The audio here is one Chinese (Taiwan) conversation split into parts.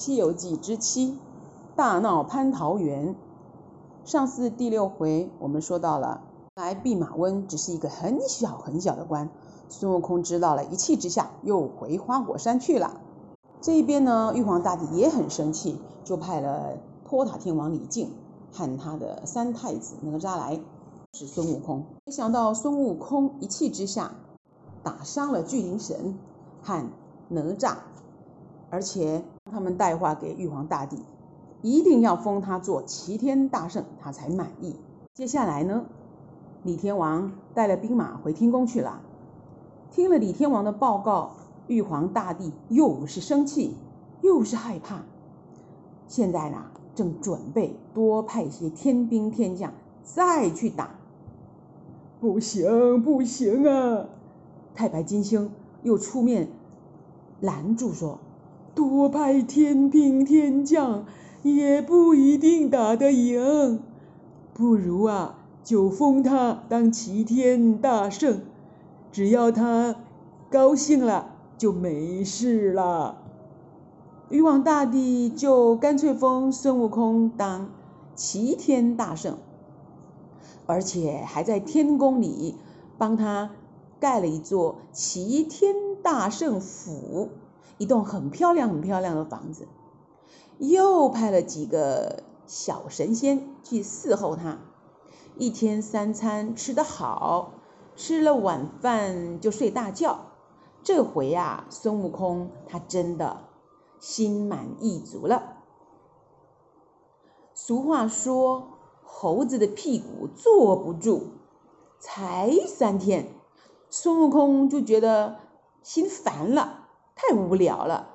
《西遊記》之七大鬧蟠桃園。上次第六回我們說到了，原來弼馬溫只是一個很小很小的官，孫悟空知道了，一氣之下又回花果山去了。這邊呢，玉皇大帝也很生氣，就派了托塔天王李靖和他的三太子哪吒來，是孫悟空。沒想到孫悟空一氣之下打傷了巨靈神和哪吒，而且。他們帶話給玉皇大帝，一定要封他做齊天大聖，他才滿意。接下來呢，李天王帶了兵馬回天宮去了。聽了李天王的報告，玉皇大帝又是生氣又是害怕。現在呢，正準備多派些天兵天將再去打。不行不行啊！太白金星又出面攔住說。多派天兵天將也不一定打得贏，不如啊，就封他當齊天大聖，只要他高興了就沒事了。玉皇大帝就乾脆封孫悟空當齊天大聖，而且還在天宮裡幫他蓋了一座齊天大聖府。一棟很漂亮、很漂亮的房子，又派了幾個小神仙去伺候他，一天三餐吃得好，吃了晚飯就睡大覺。這回啊，孫悟空他真的心滿意足了。俗話說：“猴子的屁股坐不住。”才三天，孫悟空就覺得心煩了。太無聊了。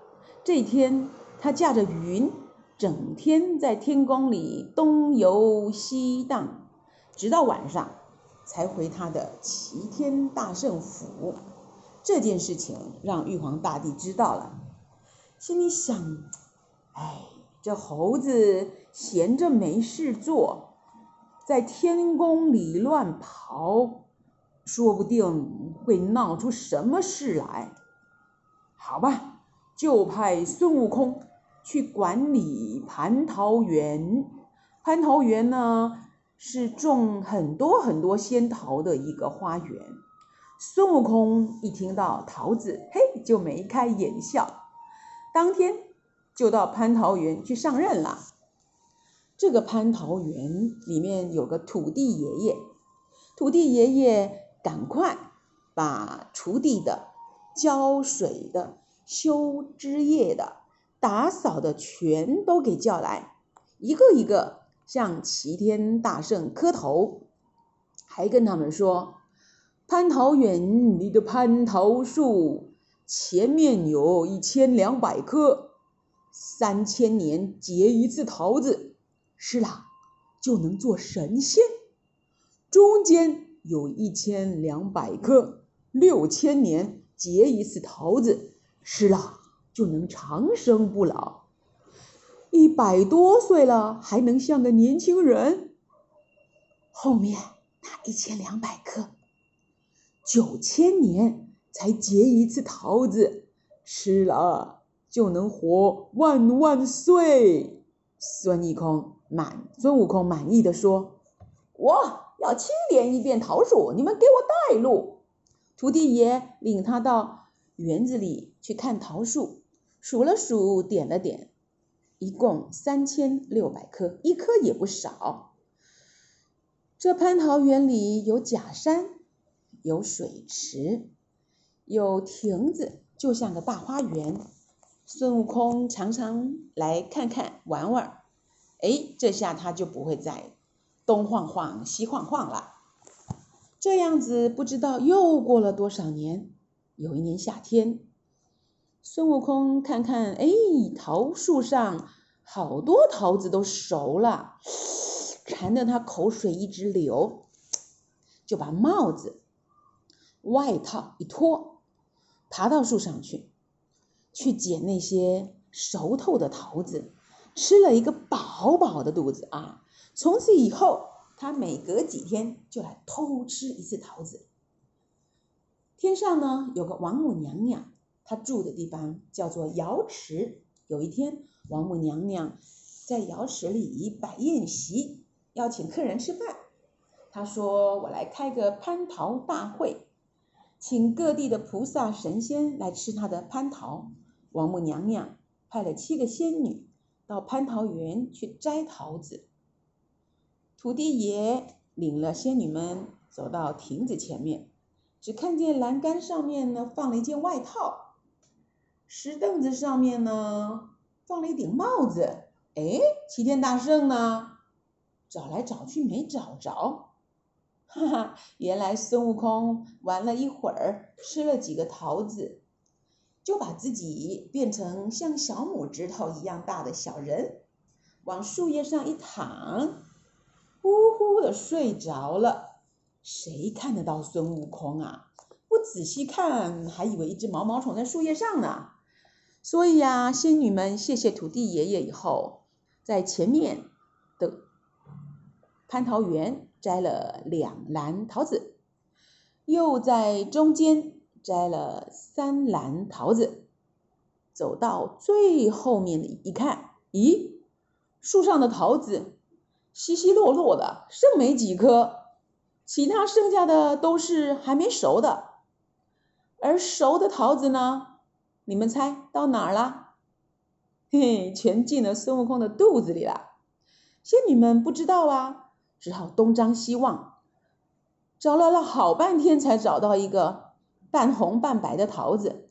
這天，他駕着雲，整天在天宮裡東遊西蕩，直到晚上才回他的齊天大聖府。這件事情讓玉皇大帝知道了，心裡想：哎，這猴子閒着沒事做，在天宮裡亂跑，說不定會鬧出什麼事來。好吧，就派孫悟空去管理蟠桃園。蟠桃園呢，是種很多很多仙桃的一個花園。孫悟空一聽到桃子，嘿，就眉開眼笑。當天就到蟠桃園去上任了。這個蟠桃園裡面有個土地爺爺，土地爺爺趕快把鋤地的、澆水的、修枝葉的、打掃的，全都給叫來，一個一個向齊天大聖磕頭，還跟他們說：“蟠桃園裡的蟠桃樹，前面有一千兩百棵，三千年結一次桃子，吃了就能做神仙。中間有一千兩百棵，六千年。”結一次桃子吃了就能長生不老，一百多歲了還能像個年輕人。後面那一千兩百棵，九千年才結一次桃子，吃了就能活萬萬歲。孫悟空滿孫悟空滿意地說：“我要清點一遍桃樹，你們給我帶路。”土地爺領他到園子裡去看桃樹，數了數，點了點，一共三千六百棵，一棵也不少。這蟠桃園裡有假山，有水池，有亭子，就像個大花園。孫悟空常常來看看玩玩，哎，這下他就不會再東晃晃西晃晃了。這樣子不知道又過了多少年。有一年夏天，孫悟空看看，哎，桃樹上好多桃子都熟了，饞得他口水一直流，就把帽子、外套一脫，爬到樹上去，去撿那些熟透的桃子，吃了一個飽飽的肚子啊！從此以後。他每隔幾天就來偷吃一次桃子。天上呢有個王母娘娘，她住的地方叫做瑤池。有一天，王母娘娘在瑤池裡擺宴席，邀請客人吃飯。她說：“我來開個蟠桃大會，請各地的菩薩神仙來吃她的蟠桃。”王母娘娘派了七個仙女到蟠桃園去摘桃子。土地爺領了仙女們走到亭子前面，只看見欄杆上面呢放了一件外套，石凳子上面呢放了一頂帽子。哎，齊天大聖呢？找來找去沒找着，哈哈！原來孫悟空玩了一會兒，吃了幾個桃子，就把自己變成像小拇指頭一樣大的小人，往樹葉上一躺。睡着了，誰看得到孫悟空啊？不仔細看，還以為一只毛毛蟲在樹葉上呢。所以呀、啊，仙女們謝謝土地爺爺以後，在前面的蟠桃園摘了兩籃桃子，又在中間摘了三籃桃子，走到最後面的一看，咦，樹上的桃子。稀稀落落的，剩沒幾顆，其他剩下的都是還沒熟的，而熟的桃子呢？你們猜到哪兒了？嘿嘿，全進了孫悟空的肚子裡了。仙女們不知道啊，只好東張西望，找了了好半天才找到一個半紅半白的桃子。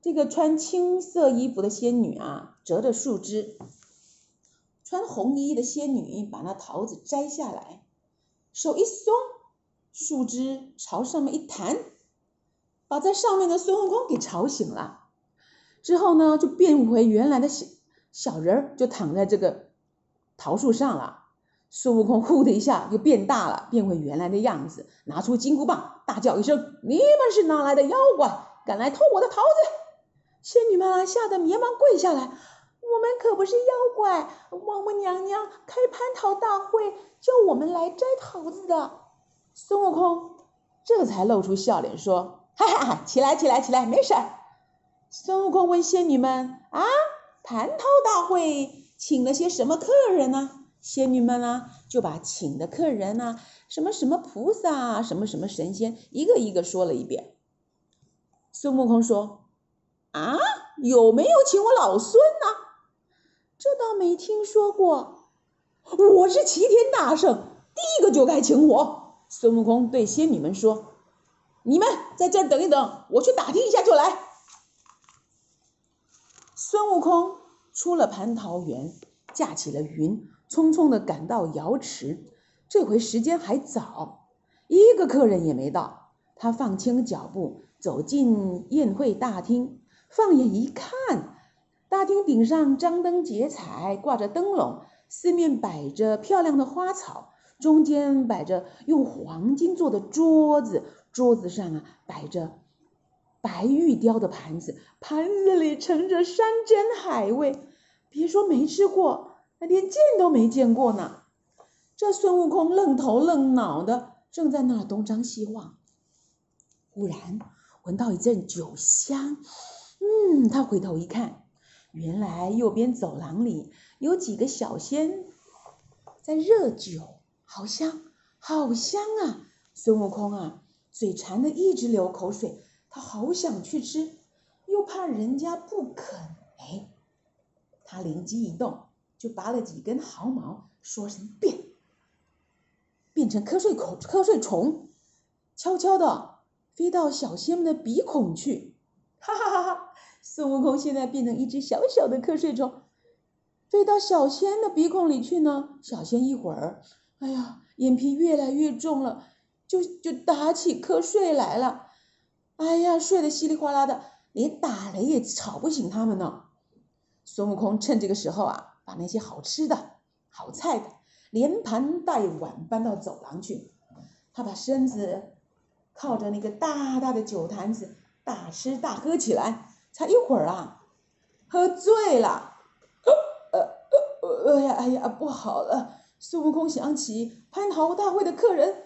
這個穿青色衣服的仙女啊，折着樹枝。穿紅衣的仙女把那桃子摘下來，手一鬆，樹枝朝上面一彈，把在上面的孫悟空給吵醒了。之後呢，就變回原來的小小人兒，就躺在這個桃樹上了。孫悟空呼的一下就變大了，變回原來的樣子，拿出金箍棒，大叫一聲：“你們是哪來的妖怪，敢來偷我的桃子？”仙女們嚇得連忙跪下來。我們可不是妖怪，王母娘娘開蟠桃大會，叫我們來摘桃子的。孫悟空這才露出笑臉說：“哈哈，起來，起來，起來，沒事兒。”孫悟空問仙女們：“啊，蟠桃大會請了些什麼客人呢？”仙女們啊，就把請的客人啊，什麼什麼菩薩，啊，什麼什麼神仙，一個一個說了一遍。孫悟空說：“啊，有沒有請我老孫呢？”這倒沒聽說過。我是齊天大聖，第一個就該請我。孫悟空對仙女們說：“你們在這等一等，我去打聽一下就來。”孫悟空出了蟠桃園，駕起了雲，匆匆的趕到瑤池。這回時間還早，一個客人也沒到。他放輕腳步走進宴會大廳，放眼一看。大廳頂上張燈結綵，掛着燈籠，四面擺着漂亮的花草，中間擺着用黃金做的桌子，桌子上啊擺着白玉雕的盤子，盤子裡盛着山珍海味。別說沒吃過，那連見都沒見過呢。這孫悟空愣頭愣腦的，正在那兒東張西望，忽然聞到一陣酒香，嗯，他回頭一看。原來右邊走廊裡有幾個小仙在熱酒，好香，好香啊！孫悟空啊，嘴饞的一直流口水，他好想去吃，又怕人家不肯。哎，他靈機一動，就拔了幾根毫毛，說聲變，變成瞌睡口，瞌睡蟲，悄悄的飛到小仙們的鼻孔去，哈哈哈哈！孫悟空現在變成一隻小小的瞌睡蟲，飛到小仙的鼻孔裡去呢。小仙一會兒，哎呀，眼皮越來越重了，就就打起瞌睡來了。哎呀，睡得稀里嘩啦的，連打雷也吵不醒他們呢。孫悟空趁這個時候啊，把那些好吃的好菜的，連盤帶碗搬到走廊去。他把身子靠着那個大大的酒壇子，大吃大喝起來。才一會兒啊，喝醉了！呃、哎呀、呃、哎呀，不好了！孫悟空想起蟠桃大會的客人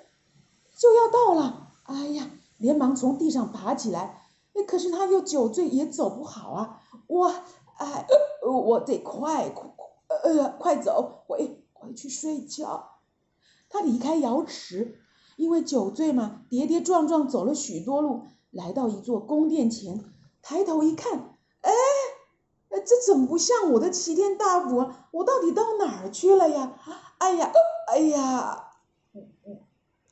就要到了，哎呀，連忙從地上爬起來、哎。可是他又酒醉，也走不好啊！我，哎，呃、我得快快、呃、快走，回回去睡覺。他離開瑤池，因為酒醉嘛，跌跌撞撞走了許多路，來到一座宮殿前。抬頭一看，哎，哎，這怎麼不像我的齊天大佛？我到底到哪兒去了呀？哎呀，哎呀！